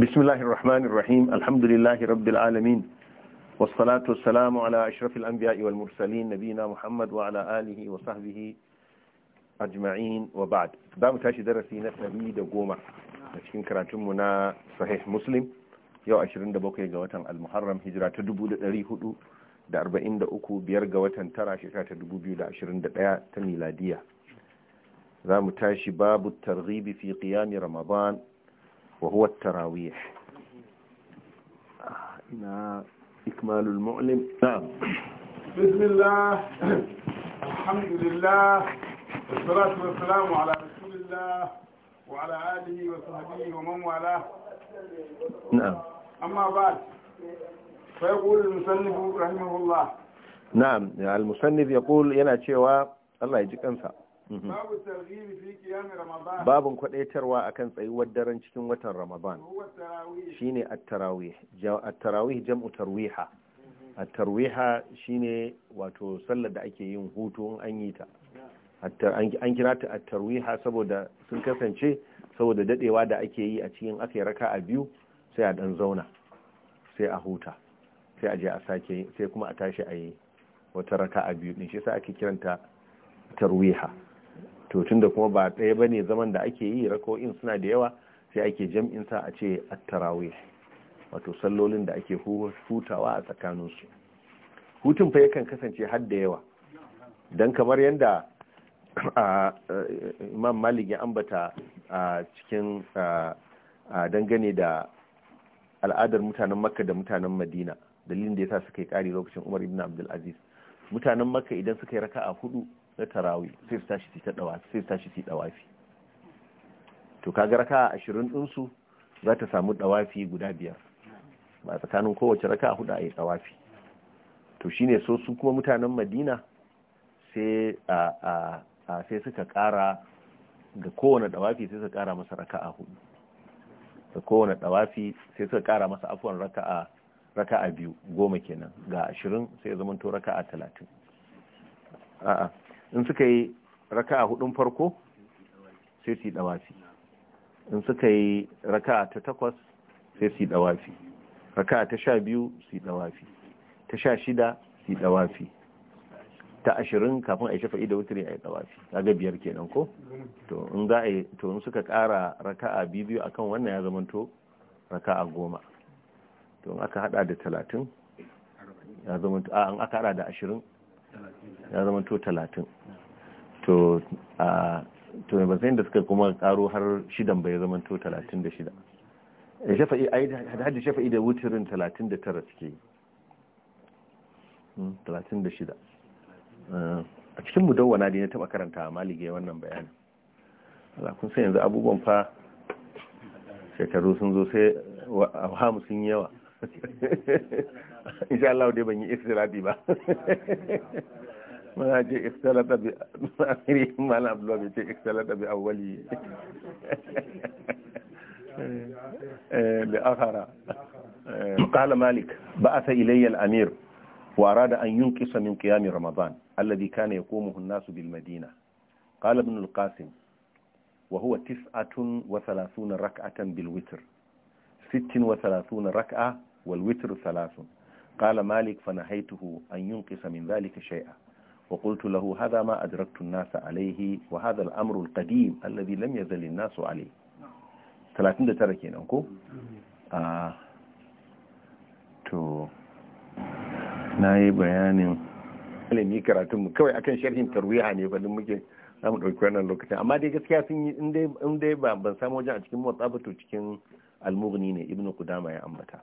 بسم الله الرحمن الرحيم الحمد لله رب العالمين والصلاة والسلام على أشرف الأنبياء والمرسلين نبينا محمد وعلى آله وصحبه أجمعين وبعد دام تاشي درسي نسبي دقومة cikin karatunmu na sahih muslim yau 27 ga watan al-muharram hijira ta 443 biyar ga watan tara shekara ta 2021 ta miladiya za mu tashi babu targhibi fi qiyami ramadan وهو التراويح آه، إلى إكمال المعلم نعم بسم الله الحمد لله والصلاة والسلام على رسول الله وعلى آله وصحبه ومن والاه نعم أما بعد فيقول المسنف رحمه الله نعم يعني المسنف يقول ينا شيوا الله يجيك أنفع Mm-hmm. babin kwadaitarwa akan tsayuwar daren cikin watan ramadan shi ne tarawih tarawih jam'u tarwiha mm-hmm. at-tarwiha ne wato sallar da ake yin hutu an yi ta an kira ta a tarwiha saboda sun kasance saboda dadewa da ake yi a cikin aka yi a biyu sai a dan zauna sai a huta sai a je a sake sai kuma a tashi a yi wata raka a biyu din shi sa ake kiranta tarwiha to tunda kuma ba ɗaya ba ne zaman da ake yi rako'in suna da yawa sai ake jam'in sa a ce attarawe wato sallolin da ake hutawa a tsakanin su hutun fa yakan kasance har da yawa dan kamar yadda Imam Malik ya ambata a cikin dangane da al'adar mutanen Makka da mutanen Madina dalilin da ya sa suka yi kari lokacin Umar ibn Abdul mutanen Makka idan suka yi a hudu na tarawi sai su tashi ta dawa sai su tashi su dawafi to kaga raka 20 din su za ta samu dawafi guda biyar ba tsakanin kowace raka hudu a yi dawafi to shine so su kuma mutanen Madina sai a a sai suka kara ga kowane dawafi sai suka kara masa raka'a hudu da kowane dawafi sai suka kara masa afwan raka'a raka'a biyu goma kenan ga ashirin sai ya zama to raka'a talatin a'a in suka yi raka'a hudun farko sai su yi dawafi in suka yi raka'a ta takwas sai su yi dawafi raka'a ta sha biyu su yi dawafi ta sha shida su yi dawafi ta ashirin kafin a yi shafa'i da wuturi a yi dawafi ga biyar kenan ko to in za a yi to in suka kara raka'a biyu biyu akan wannan ya raka raka'a goma to in aka hada da talatin ya zama an aka hada da ashirin ya zama to talatin to a to mai basayin da suka kuma karo har shidan bai zama to talatin da shida da eh, shafa'i ai hajji shafa'i da wuturin talatin da tara suke hmm, talatin da shida eh, a cikin mudawwana dai na taba karanta a malige wannan bayanin alakun sai yanzu abubuwan fa shekaru sun zo sai a hamu sun yawa ان شاء الله دي باغي اختلاط با ما جاء اختلاط ب ما لا بلو بي تي اختلاط ب اولي لاخر قال مالك بعث الي الامير واراد ان ينقص من قيام رمضان الذي كان يقومه الناس بالمدينه قال ابن القاسم وهو تسعة وثلاثون ركعة بالوتر ست وثلاثون ركعة والوتر ثلاث قال مالك malik أن ينقص an ذلك شيئا وقلت له wa ما lahu الناس ma وهذا الأمر nasa alayhi لم يزل الناس عليه ثلاثين qadim alladhi lam yazal an-nasu alayhi kenan ko a to bayanin kawai akan sharhin tarwiha ne fadin muke za mu ɗauki wannan lokacin amma dai gaskiya sun yi in dai ban samu wajen a cikin motsa cikin ne ibnu kudama ya ambata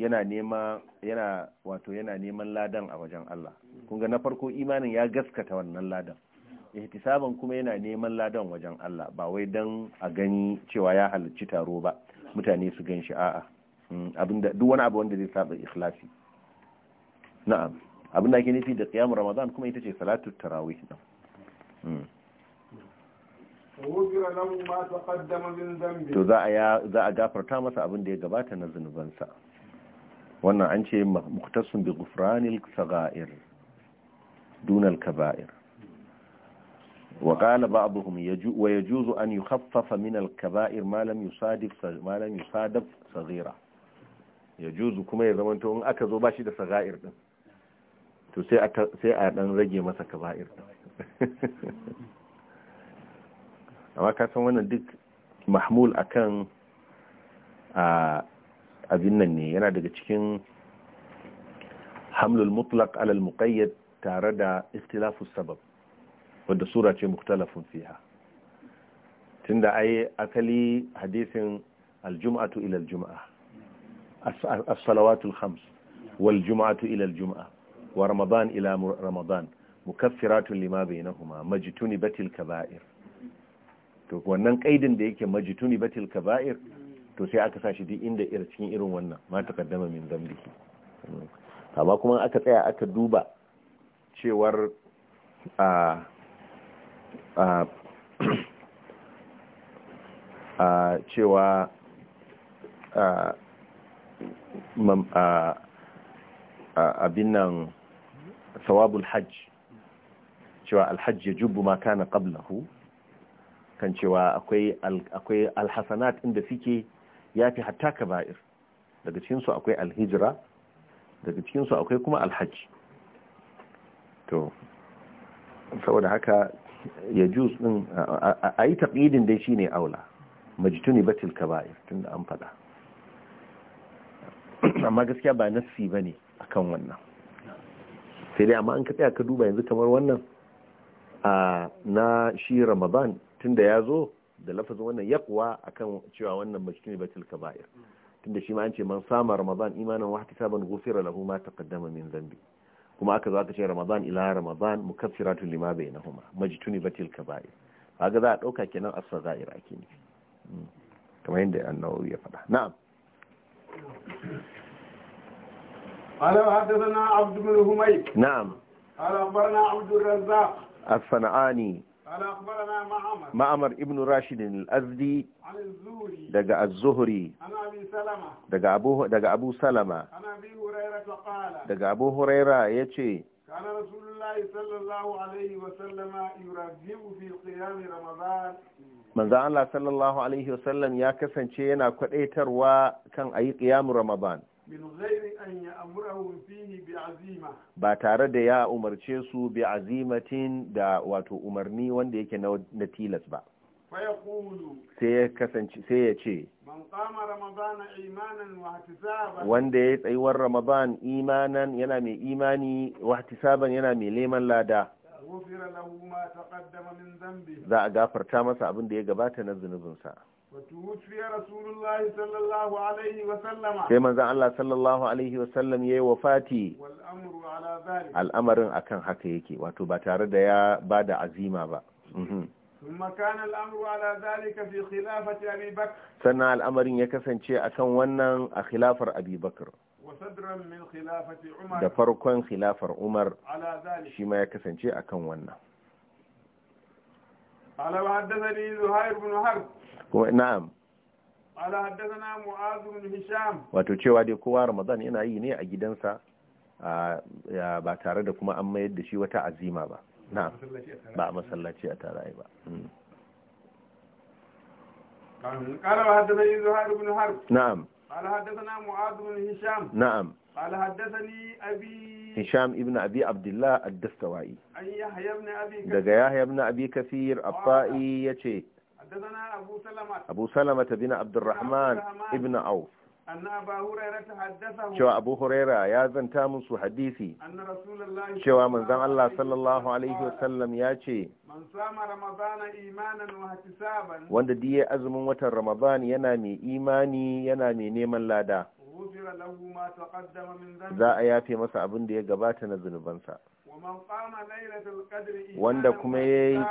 yana nema yana wato yana neman ladan a wajen Allah kun ga na farko imanin ya gaskata wannan ladan ihtisaban kuma yana neman ladan wajen Allah ba wai dan a gani cewa ya halarci taro ba mutane su gan shi a'a mm, abinda duk wani abu wanda zai saba ikhlasi na'am abinda ake nufi da qiyam ramadan kuma ita ce salatu tarawih din mm. to za a gafarta masa abin da ya gabata na zunubansa wannan an ce muktasun bi gufranil saga'ir dunal kaba'ir wa qala ba'dhum wa yajuzu an yukhaffafa min al kaba'ir ma lam yusadif ma lam yajuzu kuma ya zamanto in aka zo bashi da saga'ir din to sai a sai dan rage masa kaba'ir din amma ka san wannan duk mahmul akan a ah, abin nan ne yana daga cikin hamlul mutlaq alal muqayyad tare da istilafu sabab wadda sura ce muktalafun fiha tunda ai asali hadisin aljum'atu ila aljum'a as-salawatul khams wal jum'atu ila aljum'a wa ramadan ila ramadan mukaffiratun lima bainahuma majtunibatil kaba'ir to wannan kaidin da yake majtunibatil kaba'ir to sai aka sa shi duk inda ir cikin irin wannan ma takaddama min zambi amma kuma aka tsaya aka duba cewar a a a cewa a abin nan sawabul hajj cewa alhajj ya jubbu ma kana qablahu kan cewa akwai alhasanat inda suke ya fi hatta ka ba'ir daga cikinsu akwai alhijira daga cikinsu akwai kuma alhaji to saboda haka ya jus din a yi taɓidin dai shine aula majituni batil kaba'ir tun da an faɗa amma gaskiya ba nassi ba ne a kan wannan sai dai amma an ka tsaya ka duba yanzu kamar wannan na shi ramadan tun da ya zo da lafazin wannan a akan cewa wannan ba tilka kaba'ir tunda shi ma an ce man sama ramadan imanan wa ihtisaban ghufira lahu ma taqaddama min dhanbi kuma aka zo aka ce ramadan ila ramadan mukaffiratu lima bainahuma majtuni batil kaba'ir kaga za a dauka kenan as-sazair ake ne hmm. kamar yadda annabi ya faɗa na'am قال حدثنا عبد بن حميد نعم قال اخبرنا عبد الرزاق الصنعاني ma'amar ibn rashid al-azdi daga az-zuhri daga abu daga abu salama daga abu huraira yace ce. Manza Allah sallallahu Alaihi wasallam ya kasance yana kwadaitarwa kan a yi Ramadan. ba tare da ya umarce su bi azimatin da wato umarni wanda yake na tilas ba sai ya kasance sai ya ce wanda ya tsayuwar ramadan imanan yana mai imani wa wahtisaban yana mai neman lada Za a gafarta masa abin da ya gabata na zunubinsa. Sai maza Allah Sallallahu alaihi wa ya yi wa Fati. Al'amarin akan haka yake, wato ba tare da ya ba da azima ba. Mhm. Sannan al'amarin ya kasance a kan wannan a Khilafar Abibakar. da farkon khilafar umar shi ma ya kasance a kan wannan kuma na'am wato cewa dai kowa ramadan yana yi ne a gidansa ba tare da kuma an mayar da shi wata azima ba na'am ba a masallaci a tare ba قال وحدثني زهير بن حرب نعم قال حدثنا معاذ بن هشام نعم قال حدثني أبي هشام ابن أبي عبد الله الدستوائي أي يحيى بن أبي كثير دقى يحيى بن أبي كثير الطائي يتشي حدثنا أبو سلمة أبو سلمة بن عبد الرحمن ابن عوف cewa abu huraira ya zanta musu hadisi cewa manzan Allah sallallahu alaihi wasallam ya ce wanda diye azumin watan ramadan yana mai imani yana mai neman lada za a yafe masa abin da ya gabata na zunubansa wanda kuma ya yi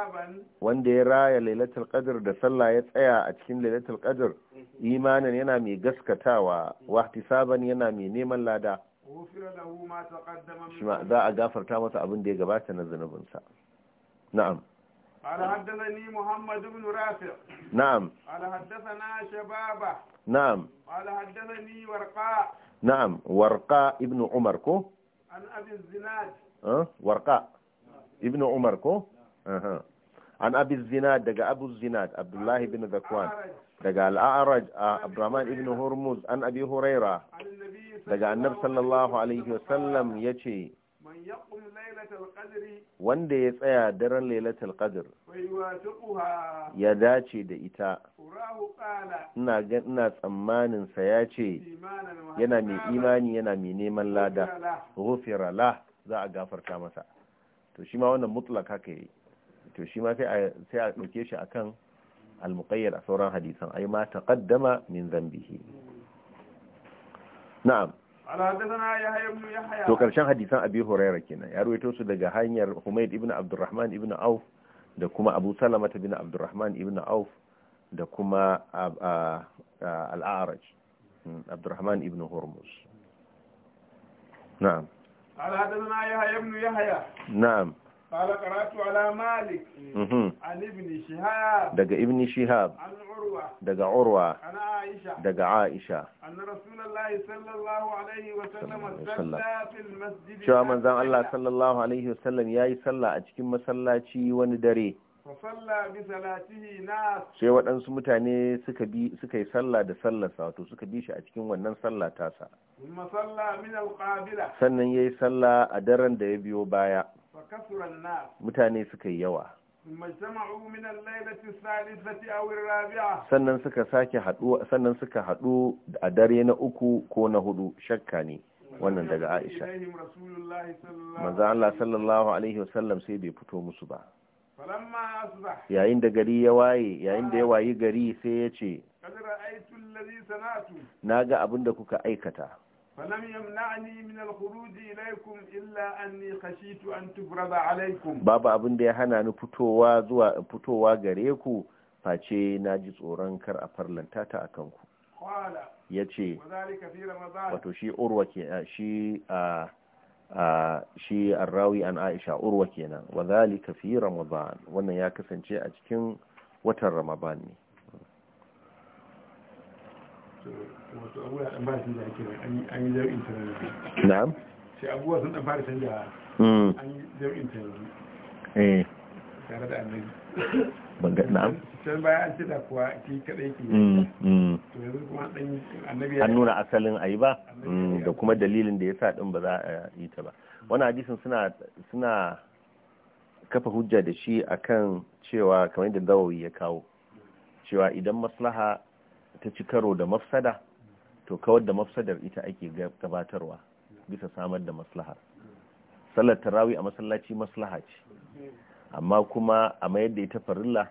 wanda ya raya lailatul qadr da sallah ya tsaya a cikin lailatul qadr imanin yana mai gaskatawa wa ihtisaban yana mai neman lada shi ma za a gafarta masa abin da ya gabata na zunubinsa na'am قال حدثني محمد بن رافع نعم قال حدثنا شبابة نعم قال حدثني ورقاء نعم ورقاء ابن عمر كو عن أبي الزناد warqa ibnu umar ko an abi zinad daga abu zinad abdullahi bin zakwan daga al'araj ah, abdurrahman ibn hormuz an abi huraira daga annab sallallahu alaihi wasallam ya ce wanda ya tsaya daren lailatul qadr ya dace da ita ina ina tsammanin sa ya ce yana mai imani yana mai neman lada ghufira lah za a gafarta masa to shi ma wannan mutlaka ka yi to shi ma sai a ɗauke shi akan al-muqayyad a sauran hadisan ai ma taqaddama min zambihi na'am to karshen hadisan abi hurairah kenan ya ruwaito su daga hanyar humayd ibn abdurrahman ibn auf da kuma abu salama ibn abdurrahman ibn auf da kuma al-a'raj hmm, abdurrahman ibn hormuz na'am قال حدثنا يحيى بن يحيى نعم قال قرأت على مالك عن ابن شهاب دقى ابن شهاب عن عروة دقى عروة عن عائشة دقى عائشة أن رسول الله صلى الله عليه وسلم صلى في المسجد شو من زمان الله صلى الله عليه وسلم ياي صلى أجكم مسلاتي وندري sai waɗansu mutane suka bi yi sallah da sallarsa wato suka bi shi a cikin wannan sallah tasa sannan ya yi sallah a daren da ya biyo baya mutane suka yi yawa sannan suka sake haɗu sannan suka haɗu a dare na uku ko na hudu shakka ne wannan daga Aisha manzo Allah sallallahu alaihi wasallam sai bai fito musu ba yayin da gari ya waye yayin da ya wayi gari sai ya ce na ga abin da kuka aikata babu abin da ya hana ni fitowa zuwa fitowa gare ku face na ji tsoron kar a farlanta ta akan ku ya ce wato shi urwa ke shi a ah, shi arrawi an aisha urwa kenan wa zalika fi ramadan wannan ya kasance a cikin watan ramadan ne na'am sai abubuwa sun dan fara canja hmm. an yi zau'in eh. tare da annabi na'am an da mm, mm. nuna asalin ayi ba mm, da kuma dalilin da yasa din ba za a yi ta ba wannan hadisin suna suna kafa hujja da shi akan cewa kamar da dawawi ya kawo cewa idan maslaha ta ci karo da mafsada to kawar da mafsadar ita ake gabatarwa bisa samar da maslahar sallar tarawi a masallaci maslaha ce amma kuma a mayar da ita farilla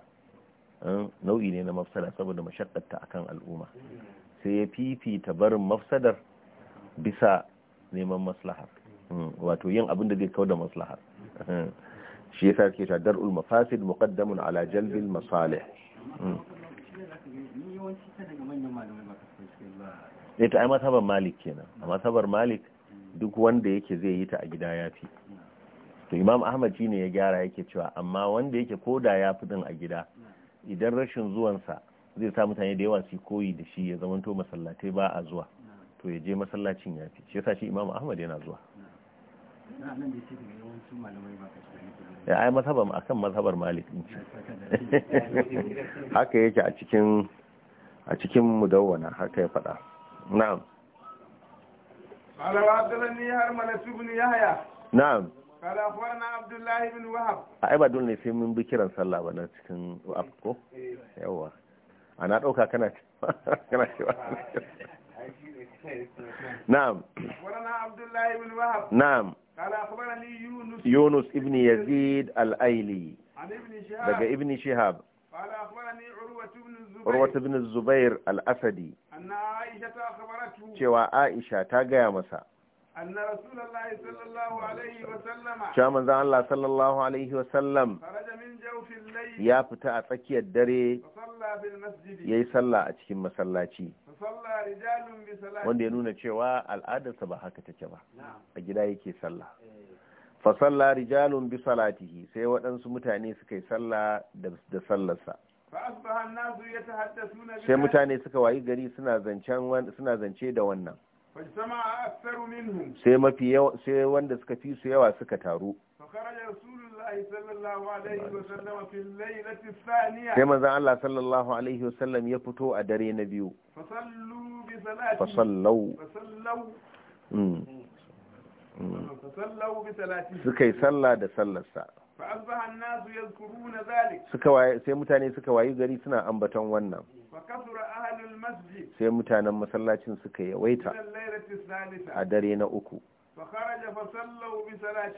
eh, nau'i ne na mafsada saboda mashakkarta akan al'umma sai ya fifita barin mafsadar bisa neman maslahar hmm, wato yin abin da zai kauda maslahar hmm, shi yasa ke ta dar'ul mafasid muqaddamun ala jalbil masalih hmm. eh, ta ai sabar malik kenan a sabar malik duk wanda yake zai yi ta a gida ya fi to imam ahmad shi ne ya gyara yake cewa amma wanda yake koda ya fi din a gida idan rashin zuwansa zai sa mutane da yawa su koyi da shi ya zamanto masallatai ba a zuwa to ya je masallacin ya fi shi yasa shi imam ahmad yana zuwa ya ai mazhabar akan mazhabar malik din haka yake a cikin a cikin mudawwana haka ya faɗa na'am kada kuwar na abdullahi bin sai mun bi kiran sallah ba na cikin wahab ko eh. yawa ana ɗauka kana kana cewa na'am kuwar na abdullahi na'am yunus yunus yazid al-aili daga ibn shihab قال أخبرني عروة بن الزبير عروة بن الزبير الأسدي أن Shaman zan Allah sallallahu Alaihi wasallam ya fita a tsakiyar dare ya yi salla a cikin masallaci. Wanda ya nuna cewa al’adarsa ba haka take ba, a gida yake salla. Fasalla rijalun bi salatihi sai waɗansu mutane suka yi da sallarsa. Sai mutane suka wayi gari suna zance da wannan. sai mafi yawa sai wanda suka fi su yawa suka taru sai manzan Allah sallallahu alaihi wasallam ya fito a dare na biyu fasallau mm. mm. suka yi sallah da sallarsa فأصبح mutane suka wayi gari suna ambaton wannan sai mutanen masallacin suka yawaita a dare na uku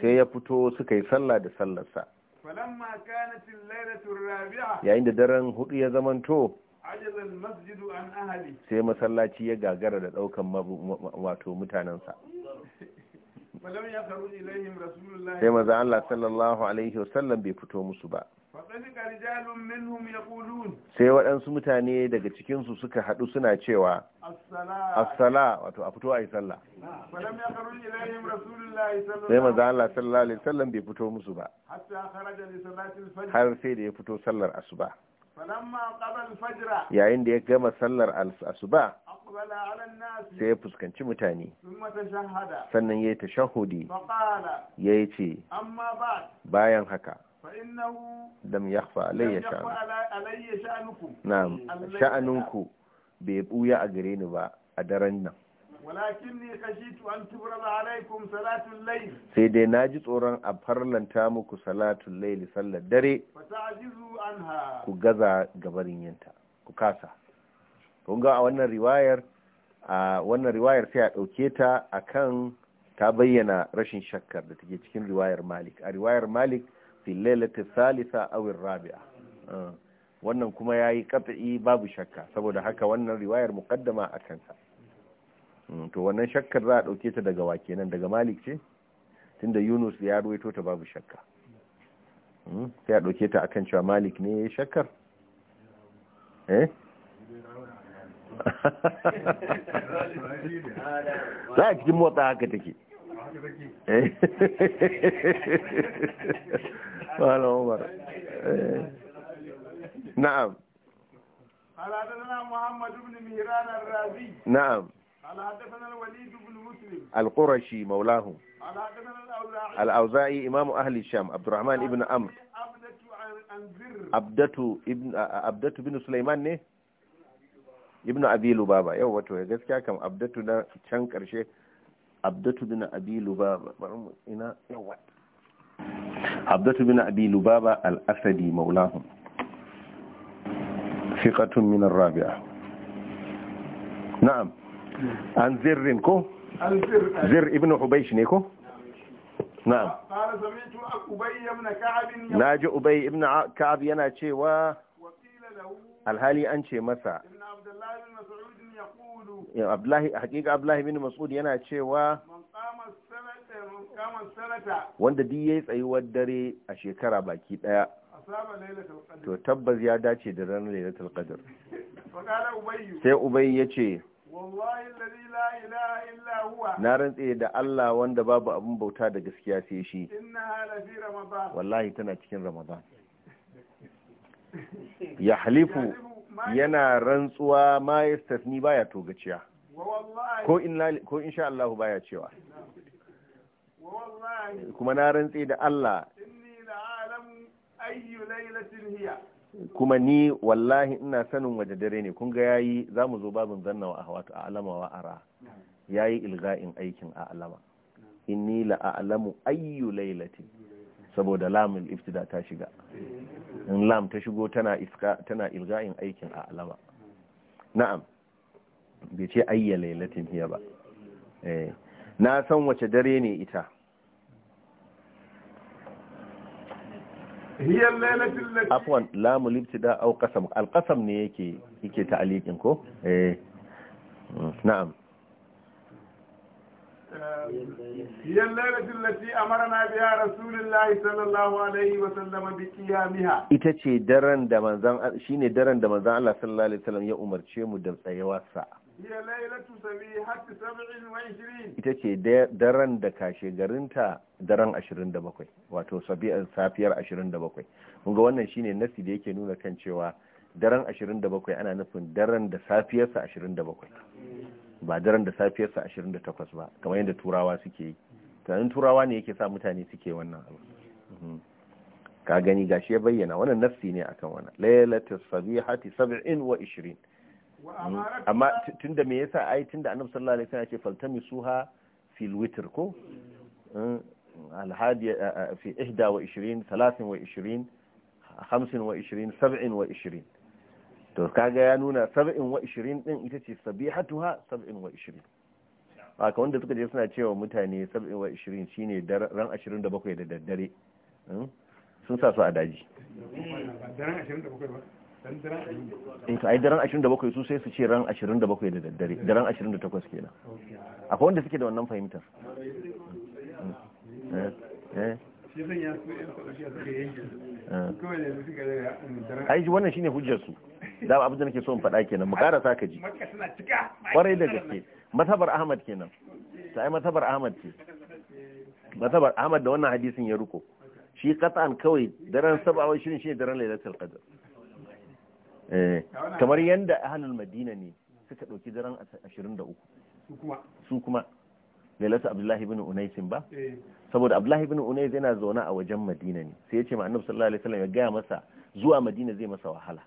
sai ya fito suka yi sallah da sallarsa yayin da daren hudu ya zamanto sai masallaci ya gagara da daukan wato mutanensa. sai maza Allah sallallahu alaihi wasallam bai fito musu ba sai waɗansu mutane daga cikinsu suka haɗu suna cewa assala wato a fito a yi sallah sai maza Allah sallallahu alaihi wasallam bai fito musu ba har sai da ya fito sallar asuba yayin da ya gama sallar asuba sai ya fuskanci mutane sannan ya yi ta tashahudi ya yi ce bayan haka dam ya fa alayya sha'anuku na'am sha'anunku bai buya a gare ni ba a daren nan alaikum sai dai na ji tsoron a farlanta muku salatun laili sallar dare ku gaza gabarin yinta ku kasa kun ga a wannan riwayar a wannan riwayar sai a ɗauke ta akan ta bayyana rashin shakkar da take cikin riwayar malik a riwayar malik fi salisa thalitha aw rabi'a ah, wannan kuma yayi qat'i babu shakka saboda haka wannan riwayar muqaddama a kansa hmm, to wannan shakkar za a dauke ta daga wake nan daga malik ce tunda yunus ya ruwaito ta babu shakka hmm, sai a dauke ta akan cewa malik ne shakkar eh za a cikin motsa haka take na'am قال حدثنا محمد بن مهران الرازي نعم قال حدثنا الوليد بن مسلم القرشي مولاهم قال حدثنا الاوزاعي امام اهل الشام عبد الرحمن بن عمرو عبدة عن عبدة ابن عبدة بن سليمان نه ibnu Abilu Baba yau wato ya gaskiya kam abdatu na can karshe abdatu bin Abilu Baba bari mu ina yawa abdatu bin abilu baba al-asadi maulahum thiqatun min ar-rabi'a na'am an zirrin ko zir ibnu hubaysh ne ko na'am naji ubay ibnu ka'ab yana cewa alhali an ce masa Abdullahi hakika Abdullahi bin Mas'ud yana cewa wanda duk yayi tsayuwar dare a shekara baki daya to tabbas ya dace da ranar lailatul qadr sai ubay ce. na rantse da Allah wanda babu abin bauta da gaskiya sai shi wallahi tana cikin ramadan ya halifu yana rantsuwa ma ya stafni baya togaciya ko in sha Allahu baya cewa kuma na rantse da Allah kuma ni wallahi ina sanin waje dare ne kun ga yayi za mu zo babin zanna wa ahwatu a alama wa ara yayi ilga'in aikin a alama inni la a'lamu ayyu lailatin saboda lamun iftida ta shiga in lam ta shigo tana iska tana ilga'in aikin a alama na'am bai ce ayya lailatin hiya ba eh. na san wace dare ne ita hiya afwan Lamu ibtida au qasam al ne yake yake ta'aliqin ko eh mm, na'am هي الليلة التي أمرنا بها رسول الله صلى الله عليه وسلم بقيامها إتشي درن دمان زان شيني درن دمان زان الله صلى الله عليه وسلم يا أمر شيء مدم سيواسع هي ليلة سبيحة سبع وعشرين إتشي درن دكاشي غرنتا درن أشرين دبقوي واتو safiyar 27 أشرين دبقوي wannan shine nasi da yake nuna kan cewa daren 27 ana nufin daren da safiyarsa 27 ba daren da safiyarsa 28 ba kamar yadda turawa suke yi tunanin turawa ne yake sa mutane suke wannan abu mhm. ka gani gashi ya bayyana wannan nafsi ne akan wannan laylatus sabihati 27 amma tunda me yasa ai tunda annabi sallallahu alaihi wasallam ya ce suha fil witr ko الهادية hmm. fi 21 وعشرين ثلاث وعشرين خمس وعشرين سبع to kaga ya nuna 27 din ita ce sabihatuha 27 haka wanda suka je suna cewa mutane 27 shine ran 27 da daddare hmm? sun sa su a daji in ka eh ai daren 27 su sai su ce ran 27 da daddare daren 28 kenan akwai wanda suke da wannan fahimtar ai wannan shine hujjar su da abin da nake so in faɗa kenan mu karasa ka ji kwarai da gaske matabar ahmad kenan ta yi matabar ahmad ce matabar ahmad da wannan hadisin ya ruko shi an kawai daren sabawa shirin shi daren lailatul qadr eh, kamar yanda ahlul madina ne suka ɗauki daren 23 su kuma su kuma lailatu abdullahi ibn unais ba eh. saboda abdullahi ibn unais yana zaune a wajen madina ne sai ya ce ma annabi sallallahu alaihi wasallam ya gaya masa zuwa madina zai masa wahala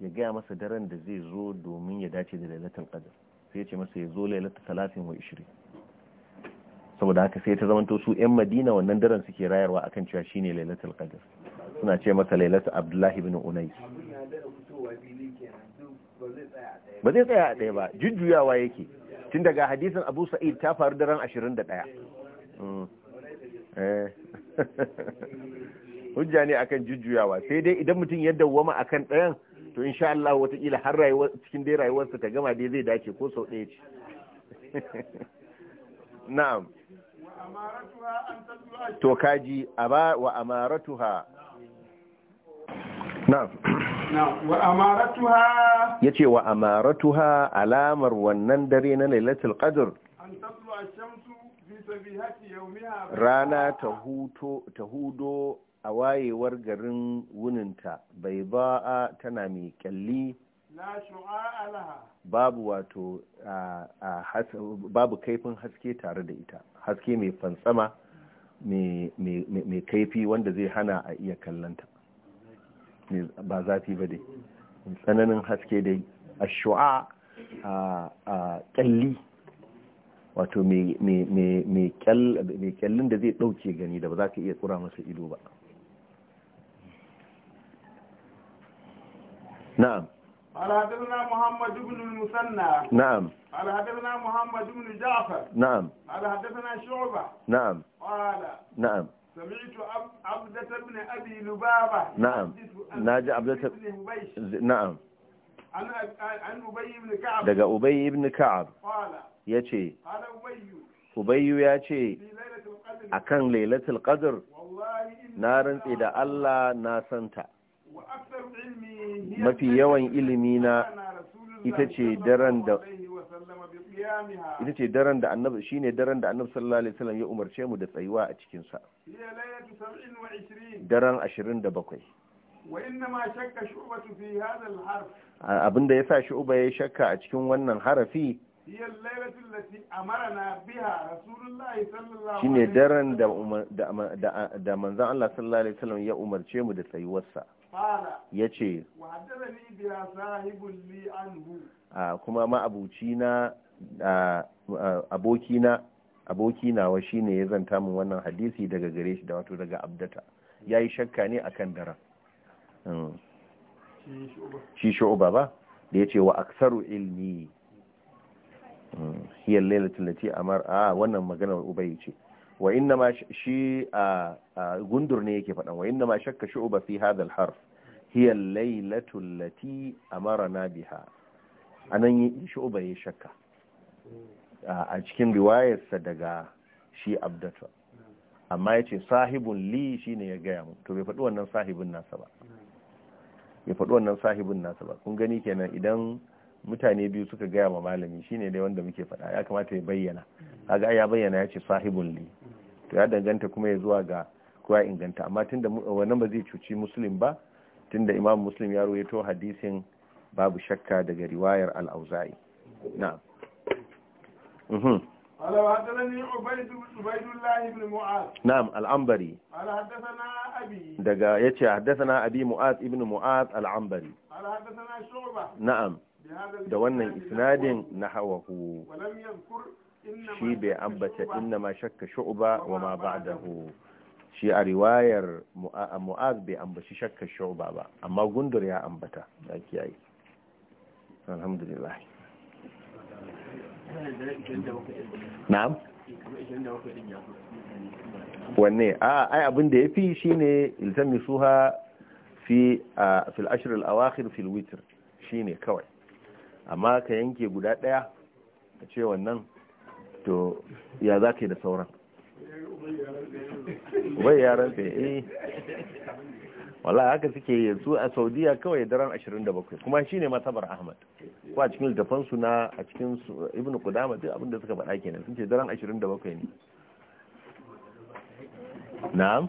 ya gaya masa daren da zai zo domin ya dace da lailatul qadr sai ya ce masa ya zo lailatul talatin wa saboda haka sai ta to su yan madina wannan daren suke rayarwa akan cewa shine lailatul qadr suna ce masa lailatul abdullahi ibn unais ba zai tsaya a ɗaya ba jujjuyawa yake tun daga hadisin abu sa'id ta faru daren 21 mm. eh. hujja ne akan jujjuyawa sai dai idan mutum ya dawwama akan ɗayan to insha Allah wataƙila har rayuwa cikin dai rayuwarsa ta gama dai zai dace ko sau ɗaya ce na'am to kaji ba wa amaratuha na'am wa Ya ce wa ha alamar wannan dare na lailatul qadr rana ta hudo a wayewar garin wuninta bai ba a tana mai kyalli babu wato babu kaifin haske tare da ita haske mai fantsama mai kaifi wanda zai hana a iya kallanta ba zafi ba dai tsananin haske dai a shu'a a kyalli wato mai kyallin da zai ɗauke gani da ba za ka iya tsura masa ido ba نعم قال حدثنا محمد بن المثنى نعم قال حدثنا محمد بن جعفر نعم قال حدثنا شعبة نعم قال نعم سمعت عبدة بن أبي لبابة نعم ناجي عبدة بن هبيش نعم عن عن أبي بن كعب دقى أبي بن كعب قال يتي قال أبي أبي يتي akan lailatul qadr na rantsi da Allah na santa wa aktsar ilmi mafi yawan ilimi na ita ce daren da ita ce daren da annabi shine daren da annabi sallallahu alaihi wasallam ya umarce mu da tsayuwa a cikin sa daren 27 abinda ya sa shu'uba ya shakka a cikin wannan harafi shine daren da manzan Allah sallallahu alaihi wasallam ya umarce mu da tsayuwarsa ya ce kuma ma'abuci abokina aboki nawa shine ya zanta min wannan hadisi daga gare shi da wato daga abdata ya yi shakka ne akan dara shi shu'uba ba da ya ce wa aksaru ilmi hiyar lati amar a wannan maganar ubayi ce wa inna ma shi gundur ne yake faɗan wa inna ma shakka shu'ba fi hadha al-harf hiya al-laylatu allati amarna biha anan shu'ba ya shakka a cikin riwayarsa daga shi abdatu amma yace sahibun li shine ya gaya mu to bai faɗi wannan sahibin nasa ba bai faɗi wannan sahibin nasa ba kun gani kenan idan mutane biyu suka gaya ma malami shine dai wanda muke faɗa ya kamata ya bayyana kaga ya bayyana ya ce sahibun li to ya danganta kuma ya zuwa ga kowa inganta amma tunda wannan ba zai cuci muslim ba tunda imam muslim ya rawaito hadisin babu shakka daga riwayar al-auza'i na'am mhm قال حدثني عبيد عبيد الله بن معاذ نعم العنبري قال حدثنا ابي دغا da wannan isnadin na hawahu shi bai ambata inna ma shakka shu'ba wa ma ba'dahu shi a riwayar mu'az bai ambaci shakka shu'ba ba amma gundur ya ambata da kiyaye alhamdulillah na'am wanne a ai abin da yafi shine suha fi fil ashr al awakhir fil witr shine kawai amma ka yanke guda daya ka ce wannan to ya za ka yi da sauran bai ya rabe eh wala haka suke yanzu a saudiya kawai daren 27 kuma shi ne matabar ahmad ko a cikin littafansu na a cikin ibn kudama duk abin da suka faɗa kenan sun ce daren 27 ne na'am